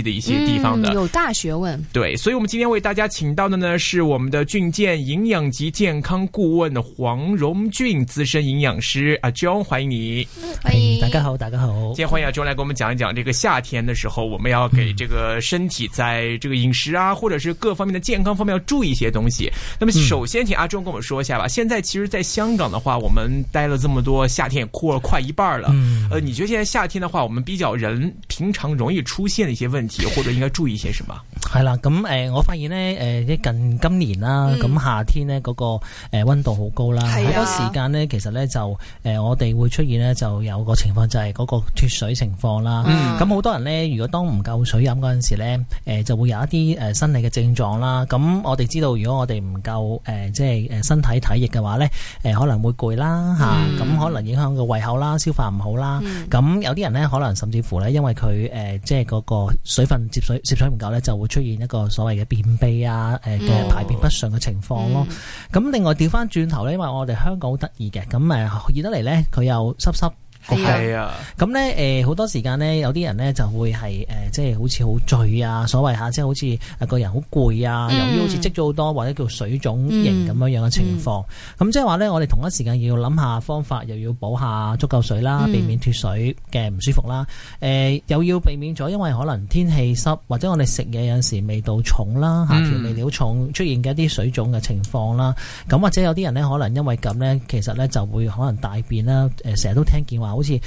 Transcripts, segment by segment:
的一些地方的有大學問，對，所以，我們今天為大家請到的呢是我們的浚健營養及健康顧問黃榮俊，資深營養師啊，John，歡迎你，歡迎大家好，大家好，今天歡迎阿、啊、John 來跟我們講一講這個夏天的時候，我們要給這個身體在這個飲食啊、嗯，或者是各方面的健康方面要注意一些東西。那麼，首先請阿、啊、John 跟我們說一下吧。現在其實，在香港的話，我們待了這麼多夏天，也過了快一半了，嗯。呃，你覺得現在夏天的話，我們比較人平常容易出現的一些問題？問題或者應該注意一些什麼？係啦，咁誒，我發現咧，誒近今年啦，咁夏天咧嗰個誒溫度好高啦，好、嗯、多時間咧，其實咧就誒我哋會出現咧就有個情況就係嗰個脫水情況啦。咁、嗯、好多人咧，如果當唔夠水飲嗰陣時咧，誒就會有一啲誒生理嘅症狀啦。咁我哋知道，如果我哋唔夠誒，即係誒身體體液嘅話咧，誒可能會攰啦嚇，咁、嗯、可能影響個胃口啦，消化唔好啦。咁、嗯、有啲人咧，可能甚至乎咧，因為佢誒即係嗰個水分攝水攝水唔夠咧，就會出。出現一個所謂嘅便秘啊，誒嘅排便不順嘅情況咯。咁、嗯嗯、另外調翻轉頭咧，因為我哋香港好得意嘅，咁誒，熱得嚟咧，佢又濕濕。係啊，咁咧、啊，誒、啊、嗯嗯嗯嗯、呃，好多時間咧，有啲人咧就會係，誒，即係好似好醉啊，所謂吓，即係好似啊，個人好攰啊，由於好似積咗好多或者叫水腫型咁樣樣嘅情況，咁即係話咧，嗯就是、我哋同一時間要諗下方法，又要補下足夠水啦，避免脱水嘅唔舒服啦，誒、呃，又要避免咗，因為可能天氣濕或者我哋食嘢有陣時味道重啦，吓調味料重出現嘅一啲水腫嘅情況啦，咁或者有啲人咧可能因為咁咧，其實咧就會可能大便啦，誒、呃，成日都聽見話，好似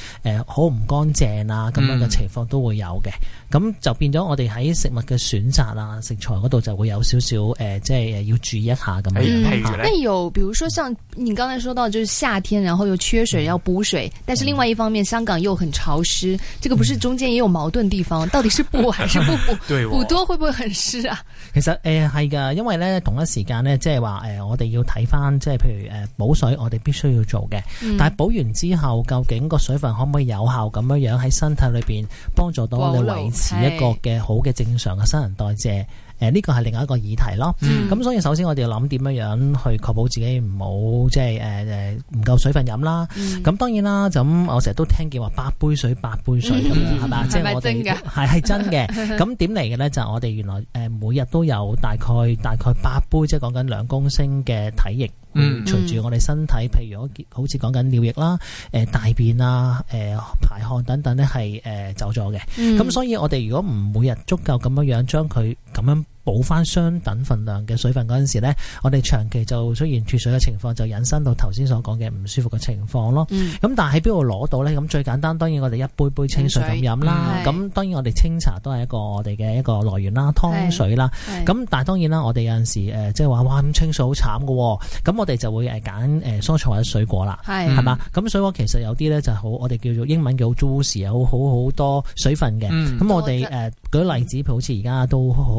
好唔乾淨啊咁樣嘅情況都會有嘅，咁、嗯、就變咗我哋喺食物嘅選擇啊，食材嗰度就會有少少、呃、即係要注意一下咁樣。嗯樣，但有，比如說，像你剛才說到，就是夏天，然後又缺水、嗯、要補水，但是另外一方面、嗯，香港又很潮濕，這個不是中間也有矛盾的地方、嗯？到底是補還是不補？補、 哦、多會不會很濕啊？其實誒係㗎，因為呢同一時間呢，即係話我哋要睇返，即係譬如誒補水，我哋必須要做嘅、嗯，但係補完之後，究竟個水分可唔可以有效咁樣樣喺身體裏邊幫助到我哋維持一個嘅好嘅正常嘅新陳代謝？誒，呢個係另外一個議題咯。咁、嗯、所以首先我哋要諗點樣樣去確保自己唔好即係誒誒唔夠水分飲啦。咁、嗯、當然啦，咁我成日都聽見話八杯水八杯水咁係咪，即係我哋係係真嘅。咁點嚟嘅咧？就係、我哋原來誒每日都有大概大概八杯，即係講緊兩公升嘅體液。嗯，隨住我哋身體，譬如好似講緊尿液啦、誒、呃、大便啊、誒、呃、排汗等等咧，係誒、呃、走咗嘅。咁、嗯、所以我哋如果唔每日足夠咁樣樣將佢咁樣，補翻相等份量嘅水分嗰陣時咧，我哋長期就出現脫水嘅情況，就引申到頭先所講嘅唔舒服嘅情況咯。咁、嗯、但係喺邊度攞到咧？咁最簡單，當然我哋一杯杯清水咁飲啦。咁、嗯、當然我哋清茶都係一個我哋嘅一個來源啦，湯水啦。咁但係當然啦，我哋有陣時誒，即係話哇，咁清水好慘㗎。咁我哋就會誒揀誒蔬菜或者水果啦，係、嗯、嘛？咁所以我其實有啲咧就好，我哋叫做英文叫好 juice 啊，好好好多水分嘅。咁、嗯、我哋誒、呃、舉例子，好似而家都好。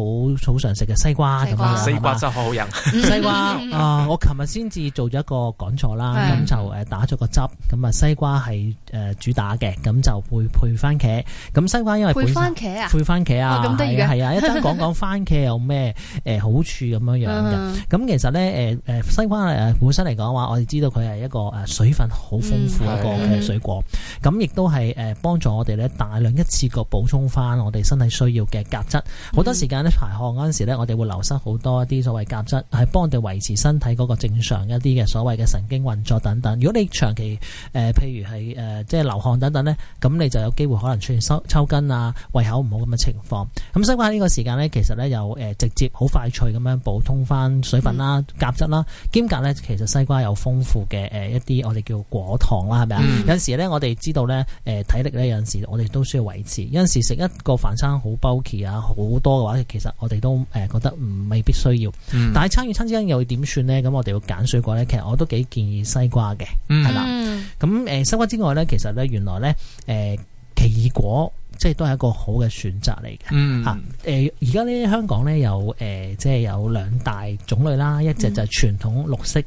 好常食嘅西瓜咁，西瓜真係好好飲。西瓜，西瓜啊，我琴日先至做咗一個講座啦，咁 就誒打咗個汁，咁啊西瓜係誒主打嘅，咁就會配，配番茄。咁西瓜因為配番茄啊，配番茄啊，咁、哦、係啊、啊、啊，一陣講講番茄有咩誒好處咁樣樣嘅。咁 其實咧，誒誒，西瓜誒本身嚟講嘅話，我哋知道佢係一個誒水分好豐富的一個嘅水果，咁亦都係誒幫助我哋咧大量一次過補充翻我哋身體需要嘅鉀質。好、嗯、多時間咧排汗啊。嗰時咧，我哋會流失好多一啲所謂鈣質，係幫我哋維持身體嗰個正常一啲嘅所謂嘅神經運作等等。如果你長期誒、呃、譬如係誒、呃、即係流汗等等咧，咁你就有機會可能出現抽筋啊、胃口唔好咁嘅情況。咁西瓜呢個時間咧，其實咧又誒直接好快脆咁樣補充翻水分啦、鈣、嗯、質啦，兼夾咧其實西瓜有豐富嘅誒一啲我哋叫果糖啦，係咪啊？有陣時咧，我哋知道咧誒體力咧有陣時我哋都需要維持，有陣時食一個飯餐好 bulky 啊，好多嘅話，其實我哋都誒，覺得唔未必需要，嗯、但係餐與餐之間又會點算咧？咁我哋要揀水果咧，其實我都幾建議西瓜嘅，係、嗯、啦。咁誒，西瓜之外咧，其實咧原來咧，誒奇異果即係都係一個好嘅選擇嚟嘅。吓、嗯，誒而家咧香港咧有誒，即係有兩大種類啦，一隻就係傳統綠色。嗯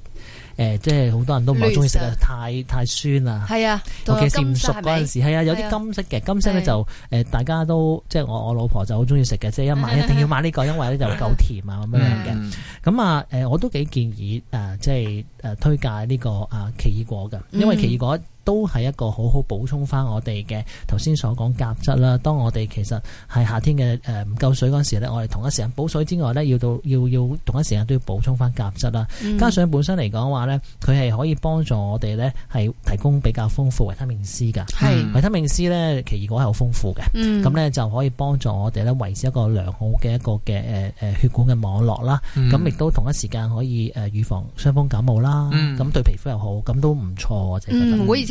誒，即係好多人都唔係好中意食嘅，太太酸啦。係啊，尤其是唔熟嗰陣時，係啊，有啲金色嘅金色咧就誒大家都、啊、即係我我老婆就好中意食嘅，即係一買是啊是啊一定要買呢個，因為咧就夠甜啊咁樣嘅。咁啊我都幾建議誒，即係推介呢個啊奇異果嘅，因為奇異果。啊嗯都係一個好好補充翻我哋嘅頭先所講鈣質啦。當我哋其實係夏天嘅唔夠水嗰陣時咧，我哋同一時間補水之外咧，要到要要同一時間都要補充翻鈣質啦。加上本身嚟講話咧，佢係可以幫助我哋咧係提供比較豐富維他命 C 㗎、嗯。係維他命 C 咧，奇異果係好豐富嘅。咁、嗯、咧就可以幫助我哋咧維持一個良好嘅一個嘅血管嘅網絡啦。咁亦都同一時間可以誒預防傷風感冒啦。咁、嗯、對皮膚又好，咁都唔錯。我，覺得、嗯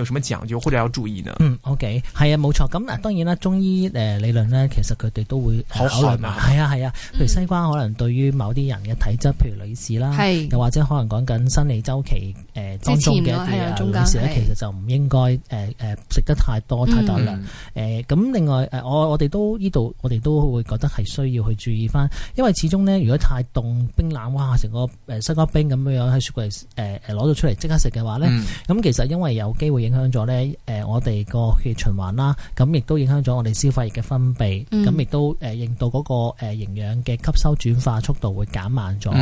有什麼講究或者要注意呢？嗯，OK，係啊，冇錯。咁嗱，當然啦，中醫誒、呃、理論咧，其實佢哋都會考慮嘛。係啊，係啊、嗯，譬如西瓜可能對於某啲人嘅體質，譬如女士啦，又、嗯、或者可能講緊生理周期誒、呃、當中嘅啲啊女士咧、啊，其實就唔應該誒誒食得太多太多量。誒、嗯、咁、呃、另外誒、呃，我我哋都呢度我哋都會覺得係需要去注意翻，因為始終咧，如果太凍冰冷哇，成個誒、呃、西瓜冰咁樣樣喺雪櫃誒誒攞到出嚟即刻食嘅話咧，咁、嗯、其實因為有機會。影響咗咧，誒我哋個血液循環啦，咁亦都影響咗我哋消化液嘅分泌，咁亦都誒，令到嗰個誒營養嘅吸收轉化速度會減慢咗。咁、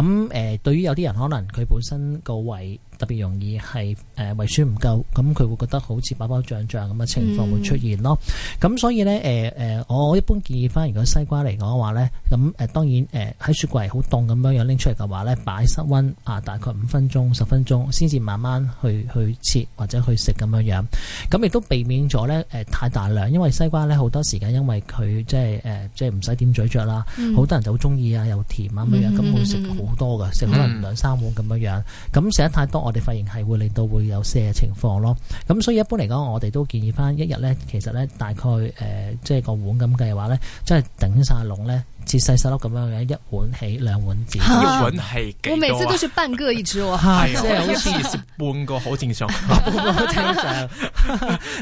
嗯、誒，對於有啲人可能佢本身個胃特別容易係誒胃酸唔夠，咁佢會覺得好似飽飽脹脹咁嘅情況會出現咯。咁、嗯、所以咧，誒誒，我一般建議翻，如果西瓜嚟講嘅話咧，咁誒當然誒喺雪櫃好凍咁樣樣拎出嚟嘅話咧，擺室溫啊，大概五分鐘、十分鐘先至慢慢去去切或者去食咁樣樣。咁亦都避免咗咧，誒太大量，因為西瓜咧好多時間，因為佢即係誒，即係唔使點嘴咀嚼啦，好、嗯、多人就好中意啊，又甜啊咁樣，咁、嗯嗯嗯嗯、會食好多噶，食可能兩三碗咁樣、嗯嗯、樣。咁食得太多，我哋發現係會令到會有瀉嘅情況咯。咁所以一般嚟講，我哋都建議翻一日咧，其實咧大概、呃、即係個碗咁計嘅話咧，即係頂晒籠咧。似細細粒咁樣樣，一碗起兩碗止。一碗係幾多啊？我每次都係半個一隻喎，係、啊、一、啊哎、食半個好正常。半個正常。誒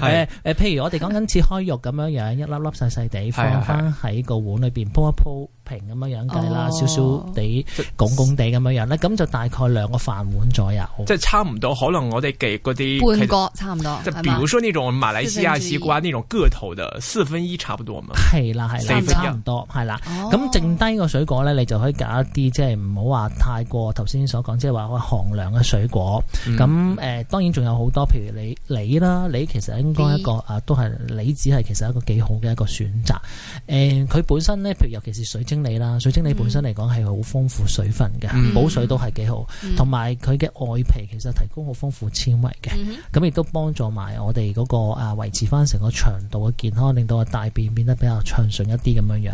誒，譬如我哋講緊似開肉咁樣樣，一粒粒細細地放翻喺個碗裏邊，鋪一鋪平咁樣樣嘅啦，少少地拱拱地咁樣樣，咁就大概兩個飯碗左右，即係差唔多。可能我哋記嗰啲半個差唔多。即係比如說，呢種馬來西亞西瓜呢種個頭嘅，四分一差唔多嘛。係啦係啦，差唔多係啦。咁剩低個水果咧，你就可以揀一啲即係唔好話太過頭先所講，即係話寒涼嘅水果。咁、嗯、誒、呃，當然仲有好多，譬如梨梨啦，梨其實應該一個啊，都係梨子係其實一個幾好嘅一個選擇。誒、呃，佢本身咧，譬如尤其是水晶梨啦，水晶梨本身嚟講係好豐富水分嘅、嗯，補水都係幾好。同埋佢嘅外皮其實提供好豐富纖維嘅，咁、嗯、亦都幫助埋我哋嗰個啊維持翻成個腸道嘅健康，令到個大便變得比較暢順一啲咁樣樣。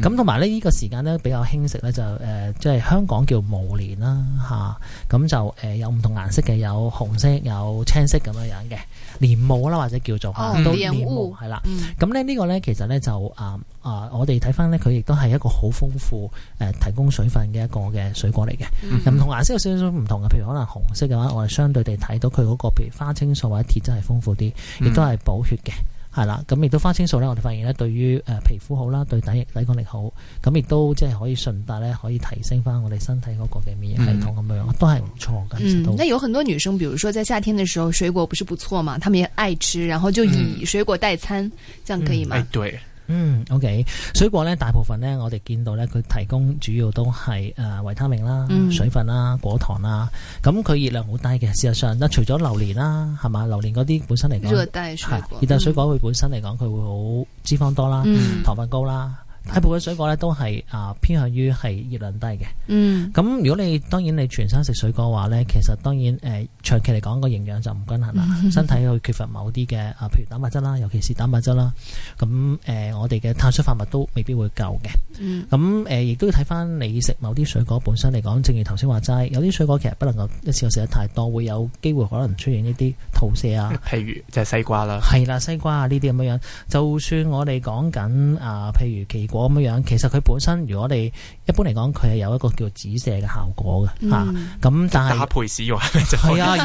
咁、嗯同埋呢個時間咧，比較興食咧，就，誒即係香港叫毛蓮啦，吓，咁就誒有唔同顏色嘅，有紅色、有青色咁樣嘅蓮霧啦，或者叫做、哦、都蓮霧，係啦、嗯。咁咧呢個咧其實咧就啊啊，我哋睇翻咧，佢亦都係一個好豐富誒提供水分嘅一個嘅水果嚟嘅。唔同顏色有少少唔同嘅，譬如可能紅色嘅話，我哋相對地睇到佢嗰個譬如花青素或者鐵質係豐富啲，亦都係補血嘅。係啦，咁亦都花青素咧，我哋發現咧，對於誒皮膚好啦，對抵抵抗力好，咁亦都即係可以順帶咧，可以提升翻我哋身體嗰個嘅免疫系統咁樣，都係唔錯嘅。都、都、嗯、那有很多女生，比如說在夏天的時候，水果不是不錯嘛，她們也愛吃，然後就以水果代餐，嗯，這樣可以嗎？嗯哎、對。嗯，OK，水果咧大部分咧，我哋見到咧，佢提供主要都係誒維他命啦、水分啦、果糖啦，咁佢熱量好低嘅。事實上，除咗榴蓮啦，係嘛，榴蓮嗰啲本身嚟講，熱帶水果，熱帶水果會本身嚟講，佢會好脂肪多啦、嗯，糖分高啦。大部分水果咧，都係啊偏向於係熱量低嘅。嗯。咁如果你當然你全身食水果嘅話咧，其實當然誒、呃、長期嚟講個營養就唔均衡啦、嗯，身體會缺乏某啲嘅啊，譬如蛋白質啦，尤其是蛋白質啦。咁、呃、我哋嘅碳水化合物都未必會夠嘅。嗯。咁誒，亦、呃、都要睇翻你食某啲水果本身嚟講，正如頭先話齋，有啲水果其實不能夠一次過食得太多，會有機會可能出現呢啲吐瀉啊。譬如就係西瓜啦。係啦，西瓜啊呢啲咁樣樣。就算我哋講緊啊，譬如奇咁樣樣，其實佢本身，如果你一般嚟講，佢係有一個叫止瀉嘅效果嘅吓。咁但係搭配屎係啊，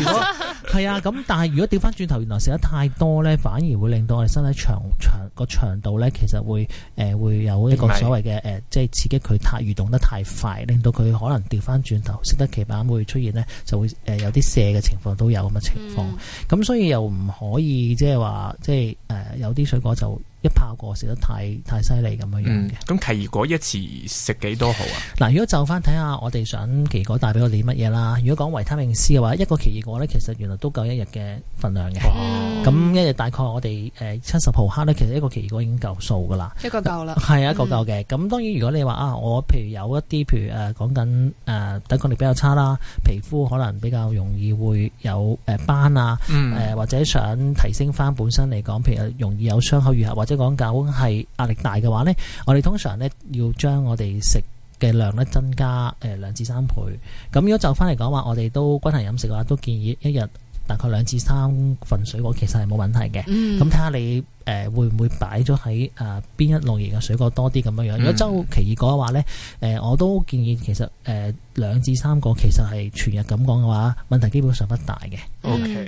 係啊。咁但係如果掉翻轉頭，原來食得太多咧，反而會令到我哋身體長長，長、那個長度咧，其實會誒、呃、會有一個所謂嘅誒，即、呃、係刺激佢太蠕動得太快，令到佢可能掉翻轉頭適得其反，會出現咧就會誒有啲瀉嘅情況都有咁嘅情況。咁、嗯啊、所以又唔可以即係話即係誒有啲水果就。一炮過食得太太犀利咁樣嘅。咁奇異果一次食幾多好啊？嗱，如果就翻睇下我哋想奇異果帶俾我哋乜嘢啦？如果講維他命 C 嘅話，一個奇異果咧，其實原來都夠一日嘅份量嘅。咁一日大概我哋誒七十毫克咧，其實一個奇異果已經夠數噶啦。一個夠啦。係啊，一個夠嘅。咁、嗯、當然如果你話啊，我譬如有一啲譬如誒講緊誒抵抗力比較差啦，皮膚可能比較容易會有斑啊、嗯呃，或者想提升翻本身嚟講，譬如容易有傷口愈合或者。講究係壓力大嘅話呢，我哋通常呢要將我哋食嘅量呢增加誒兩至三倍。咁如果就翻嚟講話，我哋都均衡飲食嘅話，都建議一日大概兩至三份水果，其實係冇問題嘅。咁睇下你誒會唔會擺咗喺誒邊一類型嘅水果多啲咁樣樣。如果周期二果嘅話咧，誒、嗯、我都建議其實誒兩至三個，其實係全日咁講嘅話，問題基本上不大嘅。嗯嗯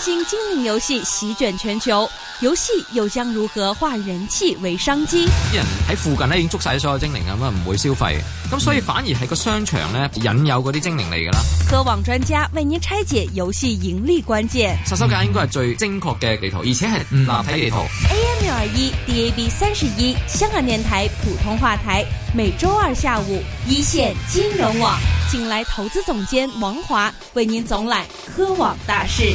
新精靈遊戲席捲全球，遊戲又將如何化人氣為商機？啲人喺附近咧，已經捉晒所有精靈啊，咁啊唔會消費。咁所以反而係個商場咧，引誘嗰啲精靈嚟噶啦。科網專家為您拆解遊戲盈利關鍵。殺手鐧應該係最精確嘅地圖，而且係立體地圖。AM 六二一，DAB 三十一，香港電台普通話台，每周二下午一線金融網，請來投資總監王華為您總攬科網大事。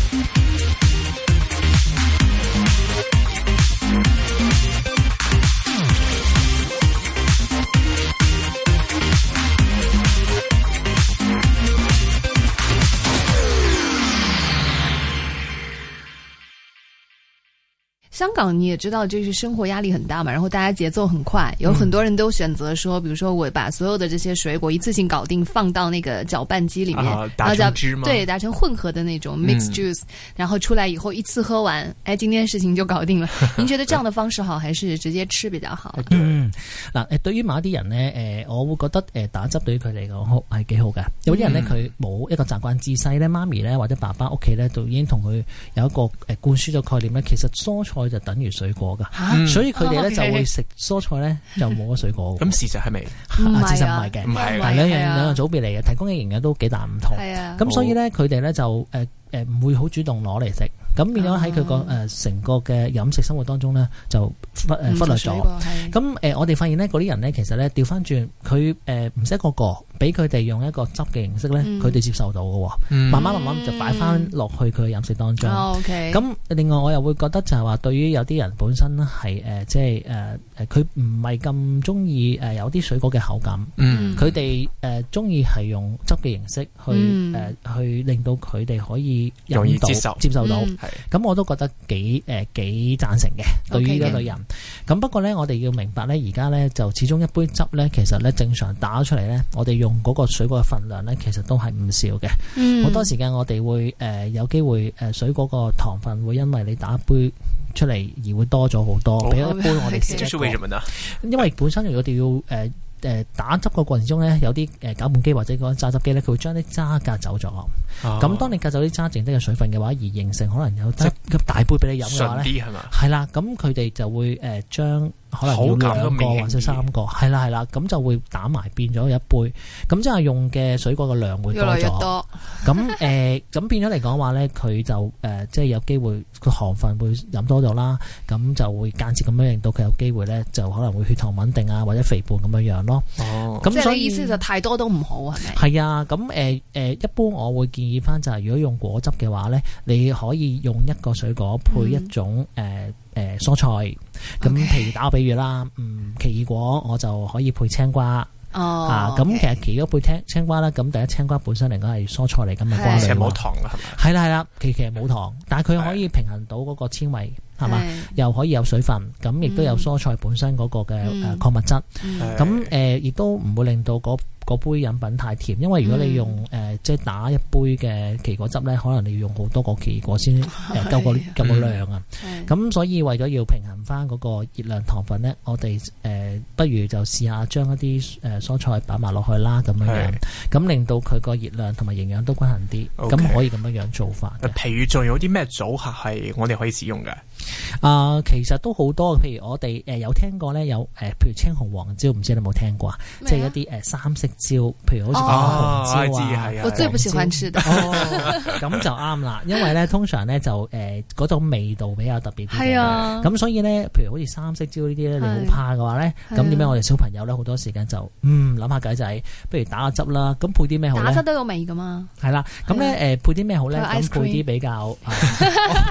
香港你也知道，就是生活壓力很大嘛，然後大家節奏很快，有很多人都選擇說，比如說我把所有的這些水果一次性搞定，放到那個攪拌機裏面，啊、打成汁然後就，對，打成混合的那種 mix juice，、嗯、然後出來以後一次喝完，哎，今天事情就搞定了。您覺得這樣的方式好， 還是直接吃比較好？嗱、嗯，誒、呃，對於某啲人咧，誒、呃，我會覺得誒、呃、打汁對於佢嚟講係幾好㗎。有啲人咧佢冇一個習慣自細咧，媽咪咧或者爸爸屋企咧就已經同佢有一個誒灌輸咗概念咧，其實蔬菜。就等於水果噶，蛤所以佢哋咧就會食蔬菜咧，就冇咗水果。咁、 嗯、事實係咪？唔係啊，事實唔係嘅，係兩樣兩個組別嚟嘅，提供嘅營養都幾大唔同。係啊，咁所以咧，佢哋咧就誒誒唔會好主動攞嚟食。咁變咗喺佢個誒成個嘅飲食生活當中咧，就忽忽略咗。咁誒，我哋發現咧，嗰啲人咧，其實咧調翻轉佢誒唔識個個俾佢哋用一個汁嘅形式咧，佢、嗯、哋接受到嘅喎、嗯。慢慢慢慢就擺翻落去佢嘅飲食當中。咁、嗯哦 okay、另外我又會覺得就係話，對於有啲人本身係誒即係誒佢唔係咁中意誒有啲水果嘅口感。佢哋誒中意係用汁嘅形式去誒、嗯、去令到佢哋可以容易接受接受到。嗯咁我都覺得幾誒幾贊成嘅，對於呢個女人。咁、okay. 不過咧，我哋要明白咧，而家咧就始終一杯汁咧，其實咧正常打出嚟咧，我哋用嗰個水果嘅份量咧，其實都係唔少嘅。好、mm. 多時間我哋會誒、呃、有機會水果個糖分會因為你打一杯出嚟而會多咗好多，俾、okay. 一杯我哋少少，為什麼呢？因為本身如果要誒。呃誒打汁個過程中咧，有啲誒攪拌機或者嗰榨汁機咧，佢會將啲渣隔走咗。咁、哦、當你隔走啲渣，剩低嘅水分嘅話，而形成可能有汁大杯俾你飲嘅話咧，係啦，咁佢哋就會誒將。可能要兩個或者三個，係啦係啦，咁就會打埋變咗一杯，咁即係用嘅水果嘅量會多咗。咁誒，咁、 呃、變咗嚟講話咧，佢就、呃、即係有機會個糖分會飲多咗啦，咁就會間接咁樣令到佢有機會咧，就可能會血糖穩定啊，或者肥胖咁樣樣咯。哦，咁即係意思就太多都唔好，係咪？係啊，咁、呃、一般我會建議翻就係、是，如果用果汁嘅話咧，你可以用一個水果配一種、嗯呃、蔬菜。咁譬如打個比喻啦、嗯，奇異果我就可以配青瓜，哦、啊，咁其實奇異果配青青瓜啦，咁、哦 okay、第一青瓜本身嚟講係蔬菜嚟噶嘛，而且冇糖噶係咪？係啦係啦，其其實冇糖，的但係佢可以平衡到嗰個纖維。係嘛？又可以有水分，咁亦都有蔬菜本身嗰個嘅誒礦物質。咁、嗯、誒、亦、嗯嗯呃、都唔會令到嗰、那個、杯飲品太甜，因為如果你用誒即係打一杯嘅奇異果汁咧，可能你要用好多個奇異果先夠個夠個量啊。咁、嗯、所以為咗要平衡翻嗰個熱量糖分咧，我哋誒、呃、不如就試下將一啲誒蔬菜擺埋落去啦，咁樣樣，咁令到佢個熱量同埋營養都均衡啲，咁、okay，可以咁樣樣做法。譬如仲有啲咩組合係我哋可以使用嘅？啊、呃，其實都好多，譬如我哋誒有聽過咧，有誒譬如青紅黃椒，唔知你有冇聽過啊？即係一啲誒三色椒，譬如好似講紅椒、啊哦我，啊椒啊啊啊、我最唔喜歡吃的。咁、 哦、就啱啦，因為咧通常咧就誒嗰、呃、種味道比較特別啲。係啊。咁所以咧，譬如好似三色椒呢啲咧，你好怕嘅話咧，咁點解我哋小朋友咧好多時間就、啊、嗯諗下計仔，不、就是、如打下汁啦。咁配啲咩好咧？打汁都有味噶嘛。係啦。咁咧誒配啲咩好咧？咁、啊、配啲比較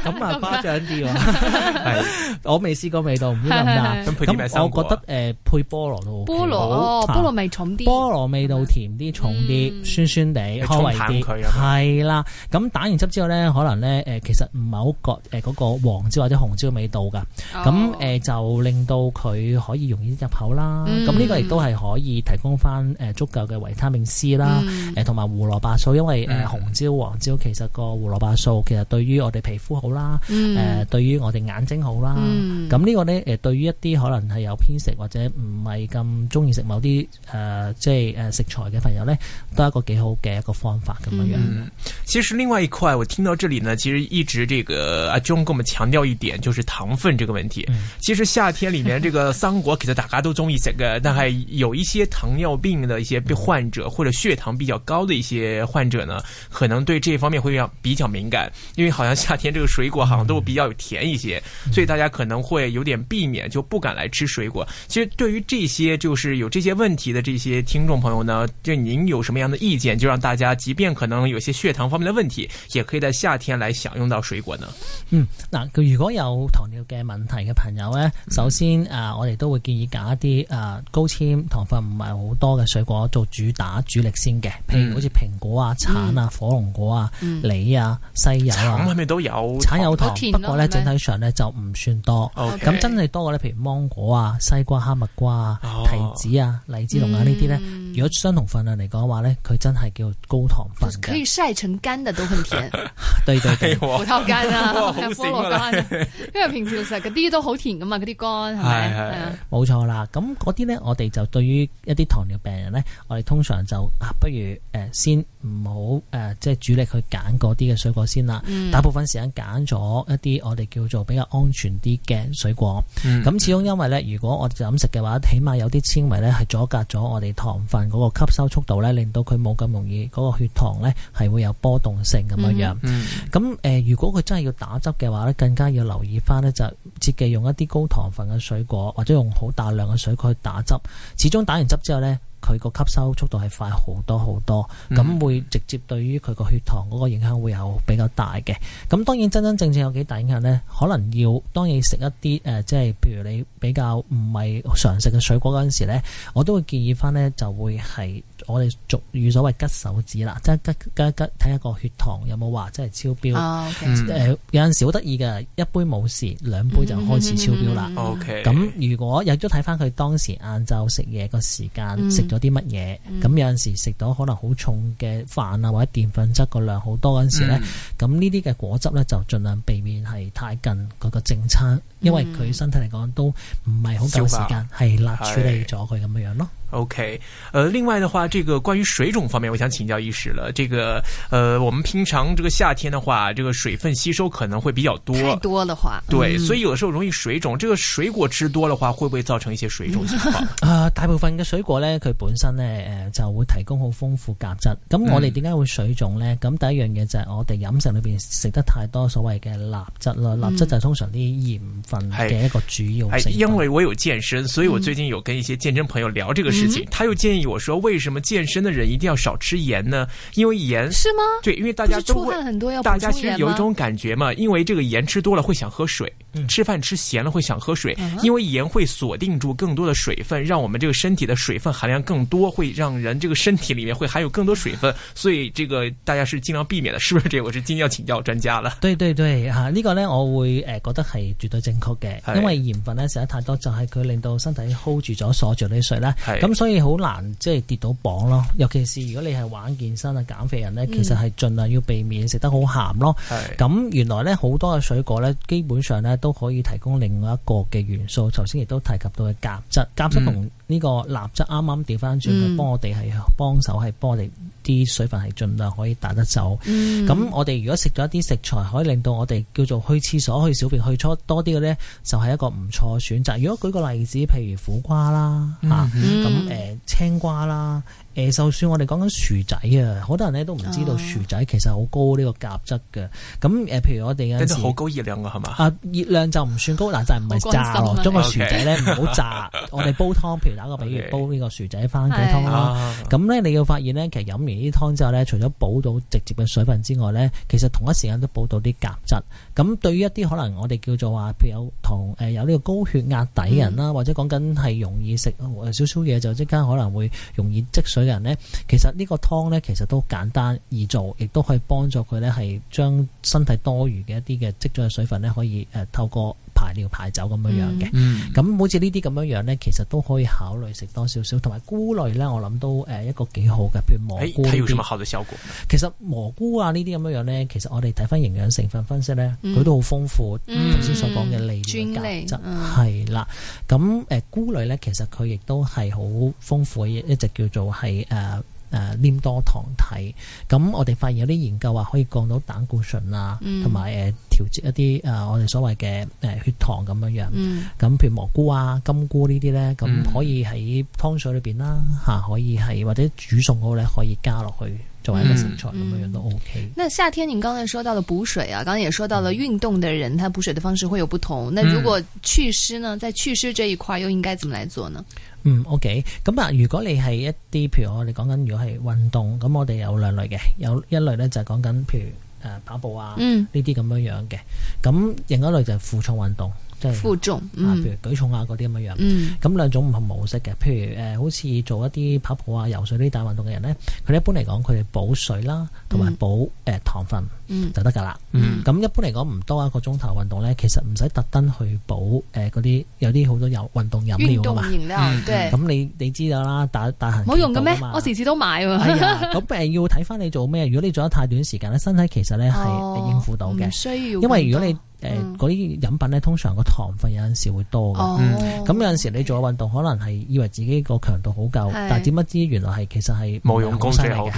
咁啊誇張啲。嗯 哦 係， 我未試過味道，唔知咁㗎。咁我覺得誒、呃，配菠蘿都菠蘿，菠蘿、哦啊、味重啲，菠蘿味道甜啲，重啲，酸酸地，開胃啲。係啦，咁打完汁之後咧，可能咧，誒、呃，其實唔係好覺誒，嗰個黃椒或者紅椒嘅味道噶。咁、哦、誒、呃，就令到佢可以容易入口啦。咁、哦、呢個亦都係可以提供翻誒足夠嘅維他命 C 啦、嗯，誒、啊，同埋胡蘿蔔素，因為誒、呃嗯、紅椒、黃椒其實個胡蘿蔔素其實對於我哋皮膚好啦，誒、嗯呃，對於我。我哋眼睛好啦，咁、嗯、呢個咧，誒，對於一啲可能係有偏食或者唔係咁中意食某啲誒、呃，即係誒食材嘅朋友咧，都係一個幾好嘅一個方法咁、嗯、樣樣嗯，其實另外一塊，我聽到這裏呢，其實一直這個阿俊、啊、跟我們強調一點，就是糖分這個問題。嗯、其實夏天裏面，這個生果其實大家都中意食嘅， 但係有一些糖尿病的一些患者、嗯、或者血糖比較高的一些患者呢，可能對這方面會比較敏感，因為好像夏天這個水果，好像都比較有甜一啲。嗯嗯。所以大家可能會有點避免，就不敢來吃水果。其實對於這些就是有這些問題的這些聽眾朋友呢，就您有什麼樣的意見，就讓大家即便可能有些血糖方面的問題，也可以在夏天來享用到水果呢？嗯，嗱，如果有糖尿嘅問題嘅朋友呢，首先、嗯、啊，我哋都會建議揀一啲啊高纖糖分唔係好多嘅水果做主打主力先嘅，譬如好似蘋果啊、橙啊、火龍果啊、梨、嗯嗯、啊、西柚啊，橙係咪都有橙有糖，不過呢，整體咧就唔算多，咁、okay. 真係多嘅咧，譬如芒果啊、西瓜、哈密瓜啊、提子啊、荔枝龍眼啊呢啲咧。Mm. 如果相同份量嚟講話咧，佢真係叫高糖分嘅。可以曬成乾的都很甜。 對對對，哎，葡萄乾啊， 啊菠蘿乾、啊， 因為平時食嗰啲都好甜噶嘛，嗰啲乾係咪？係 係。冇錯啦，咁嗰啲咧，我哋就對於一啲糖尿病人咧，我哋通常就啊，不如誒先唔好誒，即係主力去揀嗰啲嘅水果先啦，嗯。大部分時間揀咗一啲我哋叫做比較安全啲嘅水果。嗯。咁始終因為咧，如果我飲食嘅話，起碼有啲纖維咧係阻隔咗我哋糖分。嗰、那個吸收速度咧，令到佢冇咁容易嗰、那個血糖咧，係會有波動性咁樣樣。咁、嗯、誒、嗯呃，如果佢真係要打汁嘅話咧，更加要留意返咧，就切忌用一啲高糖分嘅水果，或者用好大量嘅水果去打汁。始終打完汁之後咧。佢個吸收速度係快好多好多，咁會直接對於佢個血糖嗰個影響會有比較大嘅。咁當然真真正正有幾大影響呢？可能要當你食一啲誒，即係譬如你比較唔係常食嘅水果嗰陣時咧，我都會建議翻呢就會係。我哋俗語所謂吉手指啦，即係吉吉吉睇下個血糖有冇話真係超標。誒、oh, okay. 嗯，呃，有陣時好得意嘅，一杯冇事，兩杯就開始超標啦。咁、mm -hmm. okay. 如果亦都睇翻佢當時晏晝食嘢個時間，食咗啲乜嘢？咁、嗯、有陣時食到可能好重嘅飯啊，或者澱粉質個量好多嗰陣時咧，咁呢啲嘅果汁咧就盡量避免係太近嗰個正餐，嗯、因為佢身體嚟講都唔係好夠時間係辣處理咗佢咁樣樣咯。OK，呃，另外的話，這個關於水腫方面，我想請教一事了。這個，呃，我們平常這個夏天的話，這個水分吸收可能會比較多。吃多的話，對、嗯，所以有的時候容易水腫。這個水果吃多的話，會不會造成一些水腫情況？啊、 呃，大部分嘅水果呢，佢本身呢、呃、就會提供好豐富鉀質。咁我哋點解會水腫呢？咁、嗯、第一樣嘢就係我哋飲食裏邊食得太多所謂嘅鈉質啦。鈉質就係通常啲鹽分嘅一個主要。係、哎哎，因為我有健身，所以我最近有跟一些健身朋友聊這個事、嗯。嗯、他又建議我說：“為什麼健身的人一定要少吃鹽呢？因為鹽是嗎？對，因為大家都出汗很多要出，大家其實有一種感覺嘛，因為這個鹽吃多了會想喝水，嗯、吃飯吃鹹了會想喝水，嗯、因為鹽會鎖定住更多的水分，讓我們這個身體的水分含量更多，會讓人這個身體裡面會含有更多水分，所以這個大家是盡量避免的，是不是、這個？這我是今天要請教專家了。對對對啊，呢、這個呢我會誒覺得係絕對正確嘅，因為鹽分呢實在太多，就係佢令到身體 hold 住咗鎖住啲水啦。咁。嗯咁所以好難即係跌到磅咯，尤其是如果你係玩健身啊減肥人呢，其實係盡量要避免食得好咸咯。咁、嗯、原來呢，好多嘅水果呢，基本上呢都可以提供另外一個嘅元素。頭先亦都提及到嘅鉀質，鉀質同呢個鈉質啱啱調翻轉，幫、嗯、我哋係幫手係幫我哋啲水分係盡量可以打得走。咁、嗯、我哋如果食咗一啲食材，可以令到我哋叫做去廁所、去小便、去出多啲嘅呢就係一個唔錯選擇。如果舉個例子，譬如苦瓜啦，吓、嗯嗯誒、哎，青瓜啦～誒、呃，就算我哋講緊薯仔啊，好多人咧都唔知道薯仔其實好高，鉀質、呃高，啊、高個呢個鉀質嘅。咁、okay. 誒， 譬如我哋有好高熱量啊，係嘛？啊，熱量就唔算高，但就唔係炸咯。將個薯仔咧唔好炸，我哋煲湯，譬如打個比喻，煲呢個薯仔番茄湯啦。咁咧，你要發現咧，其實飲完呢啲湯之後咧，除咗補到直接嘅水分之外咧，其實同一時間都補到啲鉀質。咁對於一啲可能我哋叫做話，譬如有同誒有呢個高血壓底人啦、嗯，或者講緊係容易食少少嘢就即刻可能會容易積水。嘅人咧，其實呢個湯咧，其實都簡單易做，亦都可以幫助佢咧，係將身體多餘嘅一啲嘅積聚嘅水分咧，可以誒透過。排尿排走咁樣、嗯、樣嘅，咁好似呢啲咁樣樣咧，其實都可以考慮食多少少，同埋菇類咧，我諗都誒一個幾好嘅，譬、嗯、如蘑菇。有什麼好嘅效果？其實蘑菇啊呢啲咁樣樣咧，其實我哋睇翻營養成分分析咧，佢、嗯、都好豐富。頭、嗯、先所講嘅利尿鉀，係啦，咁、嗯、誒菇類咧，其實佢亦都係好豐富嘅，一直叫做係誒。Uh, 誒、呃、黏多糖體，咁我哋發現有啲研究話可以降到膽固醇啊，同埋誒調節一啲誒、呃、我哋所謂嘅誒、呃、血糖咁樣樣。咁、嗯、譬如蘑菇啊、金菇呢啲咧，咁可以喺湯水裏邊啦，嚇、嗯啊、可以係或者煮餸嗰度咧，可以加落去作為一個食材咁樣樣都 OK、嗯嗯。那夏天你剛才說到了補水啊，剛才也說到了運動嘅人，他補水嘅方式會有不同。那如果祛濕呢，在祛濕這一塊又應該怎麼嚟做呢？嗯嗯嗯，OK，咁啊，如果你係一啲譬如我哋講緊，如果係運動，咁我哋有兩類嘅，有一類咧就係講緊譬如誒跑步啊，嗯，呢啲咁樣樣嘅，咁另一類就係負重運動。負重啊、嗯，譬如舉重啊嗰啲咁嘅樣，咁兩種唔同模式嘅。譬如誒、呃，好似做一啲跑步啊、游水呢啲大運動嘅人咧，佢哋一般嚟講佢哋補水啦，同埋補誒糖分就得噶啦。咁、嗯嗯嗯、一般嚟講唔多一個鐘頭運動咧，其實唔使特登去補誒嗰啲有啲好多有運動飲料啊嘛。運動咁、嗯嗯嗯、你你知道啦，打打行冇用嘅咩？我時時都買、哎。係咁誒要睇翻你做咩。如果你做得太短時間咧，身體其實咧係應付到嘅，哦、唔需要。因為如果你誒嗰啲飲品咧，通常個糖分有陣時會多㗎。哦，咁有陣時你做嘅運動，可能係以為自己個強度好夠，但點不知原來係其實係冇用功先係嘅。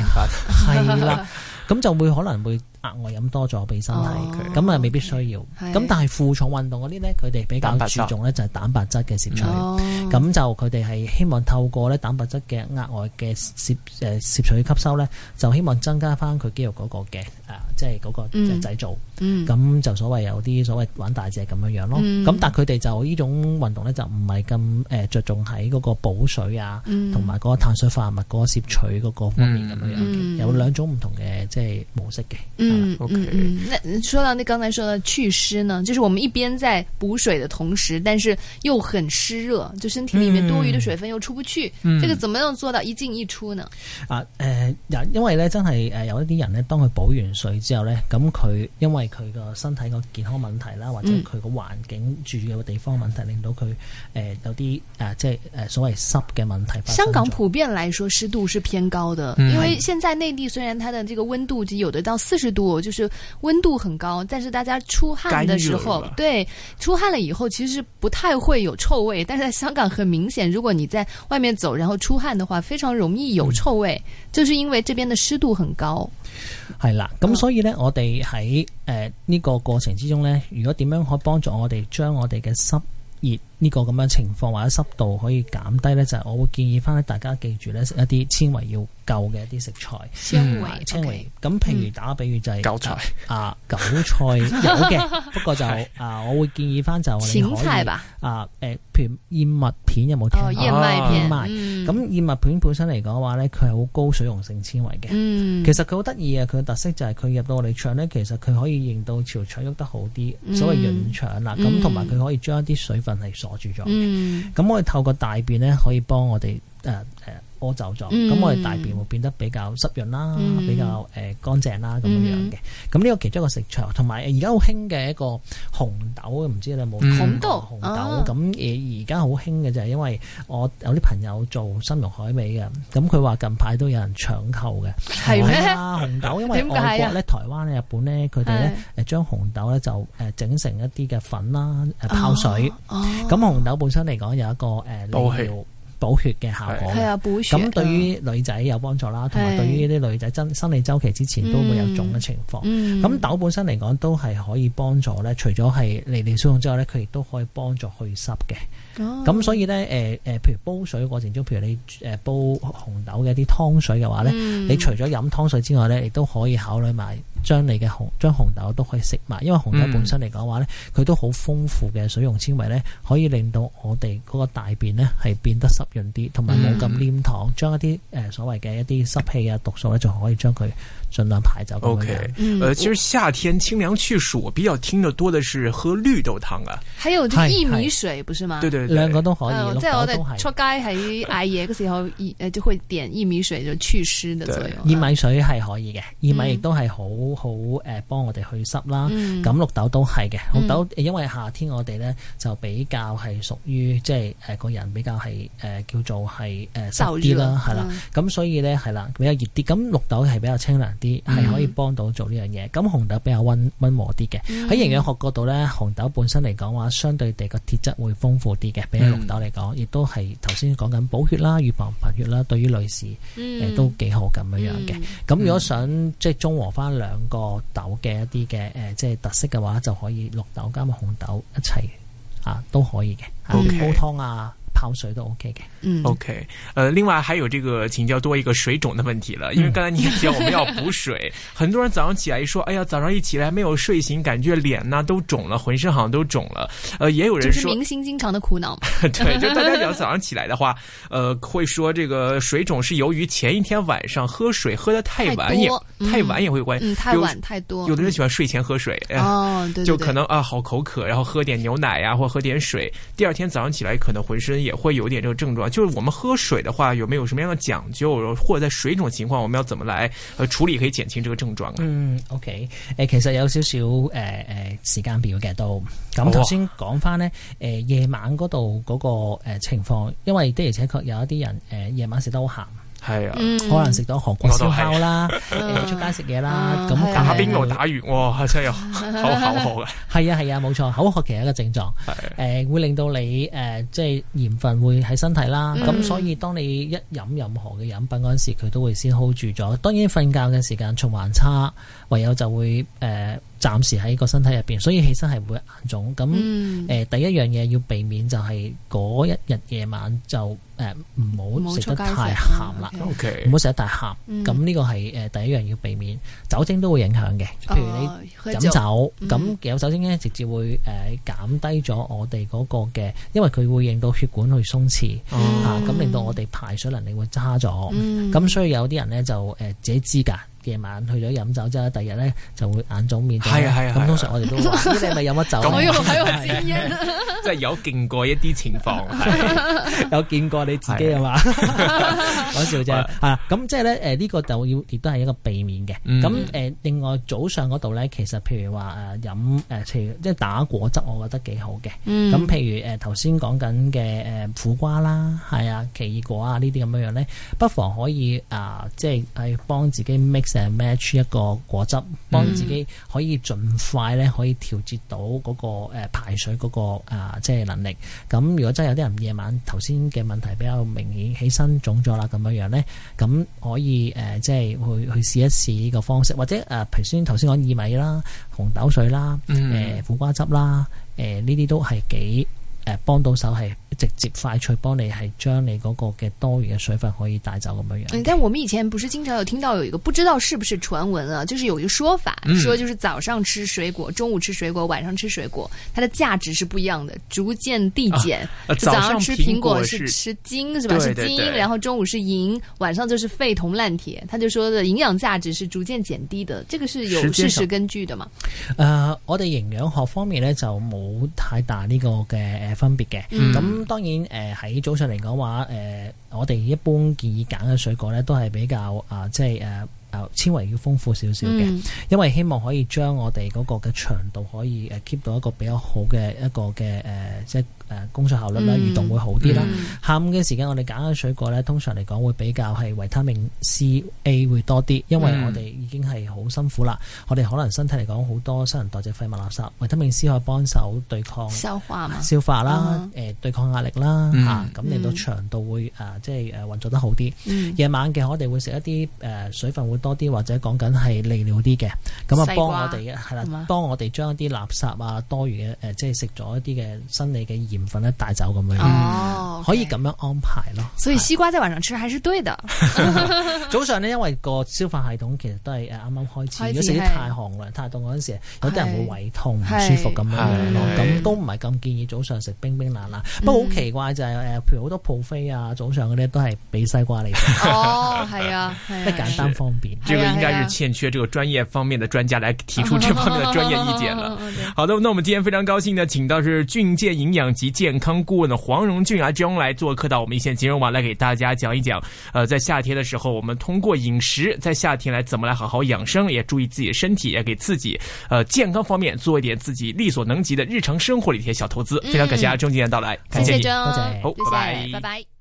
係啦，咁 就會可能會額外飲多咗，俾身體咁啊，哦、就未必需要。咁但係負重運動嗰啲咧，佢哋比較注重咧就係蛋白質嘅攝取。咁、哦、就佢哋係希望透過咧蛋白質嘅額外嘅攝誒攝取吸收咧，就希望增加翻佢肌肉嗰個嘅誒即係嗰個製造。嗯咁、嗯、就所謂有啲所謂玩大隻咁樣樣咯。咁、嗯、但係佢哋就呢種運動呢，就唔係咁誒着重喺嗰個補水啊，同埋嗰個碳水化合物嗰個攝取嗰個方面咁樣樣。有兩種唔同嘅即係模式嘅。嗯、o、okay、K、嗯、那說到，你剛才講到祛濕呢，就是我們一邊在補水嘅同時，但是又很濕熱，就身體裡面多餘的水分又出不去，嗯、這個怎麼樣做到一進一出呢？嗯嗯嗯、啊誒、呃，因為呢，真係誒有一啲人呢，當佢補完水之後呢，咁佢因為佢個身體個健康問題啦，或者佢個環境住嘅地方的問題，嗯、令到佢誒、呃、有啲誒、呃、即係、呃、所謂濕嘅問題。香港普遍來說，濕度是偏高的，嗯、因為現在內地雖然它的這個温度有的到四十度，就是温度很高，但是大家出汗的時候，對出汗了以後，其實不太會有臭味。但是在香港，很明顯，如果你在外面走，然後出汗的話，非常容易有臭味，嗯、就是因為這邊的濕度很高。係啦，咁所以呢，我哋喺誒呢個過程之中呢，如果點樣可以幫助我哋將我哋嘅濕熱？呢、這個咁樣情況或者濕度可以減低呢，就係、是、我會建議翻大家記住呢：食一啲纖維要夠嘅一啲食材，纖維、纖維。咁、嗯、譬、okay. 如打比喻就係、是、韭、嗯、菜啊，韭菜 有嘅，不過就 啊，我會建議翻就我哋可以，芹菜吧啊，誒，譬如燕麥片有冇聽過？燕麥片，咁、啊啊嗯、燕麥片本身嚟講話呢，佢係好高水溶性纖維嘅。其實佢好得意嘅，佢嘅特色就係佢入到我哋腸呢，其實佢可以令到條腸喐得好啲、嗯，所謂潤腸嗱。咁同埋佢可以將一啲水分係住咗、嗯，咁我哋透過大便咧，可以幫我哋誒誒。呃呃咗，咁我哋大便會變得比較濕潤啦、嗯，比較誒乾淨啦咁、嗯、樣嘅。咁呢個其中一個食材，同埋而家好興嘅一個紅豆，唔知你有冇、嗯？紅豆，紅豆咁而家好興嘅就係因為我有啲朋友做參茸海味嘅，咁佢話近排都有人搶購嘅。係咩、啊？紅豆，因為外國咧、台灣日本咧，佢哋咧將紅豆咧就整成一啲嘅粉啦，泡水。咁、啊啊、紅豆本身嚟講有一個誒。補血嘅效果，咁對於女仔有幫助啦，同、嗯、埋對於呢啲女仔生生理周期之前都會有腫嘅情況。咁、嗯嗯、豆本身嚟講都係可以幫助咧，除咗係利尿消腫之外咧，佢亦都可以幫助去濕嘅。咁、哦、所以咧，誒、呃、誒，譬如煲水過程中，譬如你誒煲紅豆嘅一啲湯水嘅話咧、嗯，你除咗飲湯水之外咧，亦都可以考慮埋。將你嘅紅將紅豆都可以食埋，因為紅豆本身嚟講話咧，佢、嗯、都好豐富嘅水溶纖維咧，可以令到我哋嗰個大便咧係變得濕潤啲，同埋冇咁黏糖，將一啲誒所謂嘅一啲濕氣啊、毒素咧，就可以將佢。儘量排走就 OK。嗯，誒，其實夏天清涼去暑，我比較聽得多的是喝綠豆湯啊，還有薏米水是是，不是嗎？對對，對，兩個都可以。即係、啊、我哋出街喺嗌嘢嘅時候，誒 就會點薏米水，就去濕的作用。薏米水係可以嘅，薏米亦都係好好誒，幫、嗯嗯、我哋去濕啦。咁、嗯、綠豆都係嘅，綠、嗯、豆因為夏天我哋咧就比較係屬於即係誒個人比較係誒、呃、叫做係誒濕啲啦，係啦，咁、嗯、所以咧係啦比較熱啲，咁綠豆係比較清涼。啲係可以幫到做呢樣嘢。咁、嗯、紅豆比較溫溫和啲嘅，喺營養學角度咧，紅豆本身嚟講話相對地個鐵質會豐富啲嘅，比起綠豆嚟講，亦都係頭先講緊補血啦、預防貧血啦，對於女士誒都幾好咁樣樣嘅。咁、嗯、如果想、嗯、即係中和翻兩個豆嘅一啲嘅誒，即係特色嘅話，就可以綠豆加埋紅豆一齊啊，都可以嘅煲湯啊。Okay. 泡水都 OK 的，嗯 okay, okay，OK，呃，另外還有這個請教多一個水腫的問題了，因為剛才你提到我們要補水，嗯、 很多人早上起來一說，哎呀，早上一起來沒有睡醒，感覺臉吶、啊、都腫了，渾身好像都腫了，呃，也有人說、就是、明星經常的苦惱嘛， 對，就大家要早上起來的話， 呃，會說這個水腫是由於前一天晚上喝水喝的太晚也太、嗯、太晚也會有關係，嗯、太晚太多，有的人喜歡睡前喝水，呃、哦，對，對，對，就可能啊好口渴，然後喝點牛奶呀、啊、或喝點水，第二天早上起來可能渾身。也會有點這個症狀，就是我們喝水的話，有沒有什麼樣的講究，或者在水腫情況，我們要怎麼來呃處理，可以減輕這個症狀？嗯，OK，誒、呃，其實有少少誒誒、呃、時間表嘅都，咁頭先講翻呢，誒、哦呃、夜晚嗰度嗰個誒、呃、情況，因為的而且確有一啲人，誒、呃、夜晚食得好鹹。係啊、嗯，可能食到韓國燒烤啦、啊，出街食嘢啦，咁、啊、打邊爐打完、哦，哇，真係有口口渴嘅。係啊係啊，冇錯、啊，口渴其實一個症狀，誒、啊、會令到你誒、呃、即係鹽分會喺身體啦，咁、啊、所以當你一飲任何嘅飲品嗰陣時，佢都會先 hold 住咗。當然瞓覺嘅時間循環差，唯有就會誒。呃暫時喺個身體入邊，所以起身係會眼腫。咁、嗯呃、第一樣嘢要避免就係嗰一日夜晚就唔好食得太鹹啦，唔好食得太鹹。咁、嗯、呢個係第一樣要避免。酒精都會影響嘅，譬如你飲酒，咁、哦嗯、有酒精咧直接會誒、呃、減低咗我哋嗰個嘅，因為佢會令到血管去鬆弛嚇，咁、嗯啊、令到我哋排水能力會差咗。咁、嗯嗯、所以有啲人咧就誒、呃、自己知㗎。夜晚去咗飲酒之後呢，第日咧就會眼腫面腫。係啊係啊，咁通常我哋都知 你係咪飲乜酒。咁 又 即係有見過一啲情況， 有見過你自己係嘛？講笑啫 嚇。 咁即係咧誒呢個就要亦都係一個避免嘅。咁、嗯、誒另外早上嗰度咧，其實譬如話誒、呃、飲誒、呃，即係打果汁，我覺得幾好嘅。咁、嗯、譬如誒頭先講緊嘅誒苦瓜啦，係啊奇異果啊呢啲咁樣樣咧，不妨可以啊、呃、即係、呃、幫自己 mix。就 match 一個果汁，幫自己可以盡快咧可以調節到嗰個排水嗰個啊，即係能力。咁、嗯、如果真係有啲人夜晚頭先嘅問題比較明顯，起身腫咗啦咁樣樣呢，咧，咁可以誒、呃，即係去去試一試呢個方式，或者誒、呃、頭先頭先講薏米啦、紅豆水啦、誒、嗯呃、苦瓜汁啦，誒呢啲都係幾誒幫到手係。直接快脆幫你係將你嗰個嘅多餘嘅水分可以帶走咁樣樣。嗯、但係我們以前不是經常有聽到有一個不知道是不是傳聞啊，就是有一個說法、嗯，說就是早上吃水果、中午吃水果、晚上吃水果，它的價值是不一樣的，逐漸遞減。啊、早上吃蘋果是吃金，是吧？對對對是金，然後中午是銀，晚上就是廢銅爛鐵。他就說的營養價值是逐漸減低的，這個是有事實根據的嘛、呃？我哋營養學方面呢，就冇太大呢個嘅分別嘅，咁、嗯。當然，誒、呃、喺早上嚟講話，誒、呃、我哋一般建議揀嘅水果咧，都係比較啊、呃，即係誒。呃纖維要豐富少少嘅，因為希望可以將我哋嗰個嘅腸道可以誒 keep 到一個比較好嘅一個嘅誒即係誒工作效率啦，移、嗯、動會好啲啦、嗯。下午嘅時間我哋揀嘅水果咧，通常嚟講會比較係維他命 C、A 會多啲，因為我哋已經係好辛苦啦、嗯，我哋可能身體嚟講好多新陳代謝廢物垃圾，維他命 C 可以幫手對抗消化嘛，消化啦，誒、uh -huh. 呃、對抗壓力啦，吓咁令到腸道會誒即係誒運作得好啲。夜、嗯、晚嘅我哋會食一啲誒水分會。多啲或者講緊係利尿啲嘅，咁啊幫我哋嘅係啦，幫我哋將一啲垃圾啊、多餘嘅誒、呃，即係食咗一啲嘅生理嘅鹽分咧帶走咁樣咯。哦 Okay. 可以咁樣安排咯，所以西瓜在晚上吃還是對的。 早上呢，因為個消化系統其實都係誒啱啱開始， 如果食得太寒啦、太凍嗰陣時，有啲人會胃痛、唔舒服咁樣樣咯。咁、嗯、都唔係咁建議早上食冰冰冷冷。不過好奇怪就係、是、誒，譬如好多 buffet 啊，早上嗰啲都係俾西瓜嚟、嗯。哦，係 啊，即係簡單方便。這個應該是欠缺這個專業方面的專家來提出這方面的專業意見了。 好的，那我們今天非常高興呢請到是浚健營養及健康顧問的黃榮俊阿兄。來做客到我們一線金融網來給大家講一講，呃，在夏天的時候，我們通過飲食，在夏天來怎麼來好好養生，也注意自己的身體，也給自己呃健康方面做一點自己力所能及的日常生活的一些小投資、嗯。非常感謝阿、啊、俊今天到來，感謝，謝，謝你。好，拜、oh，拜，拜拜。Bye bye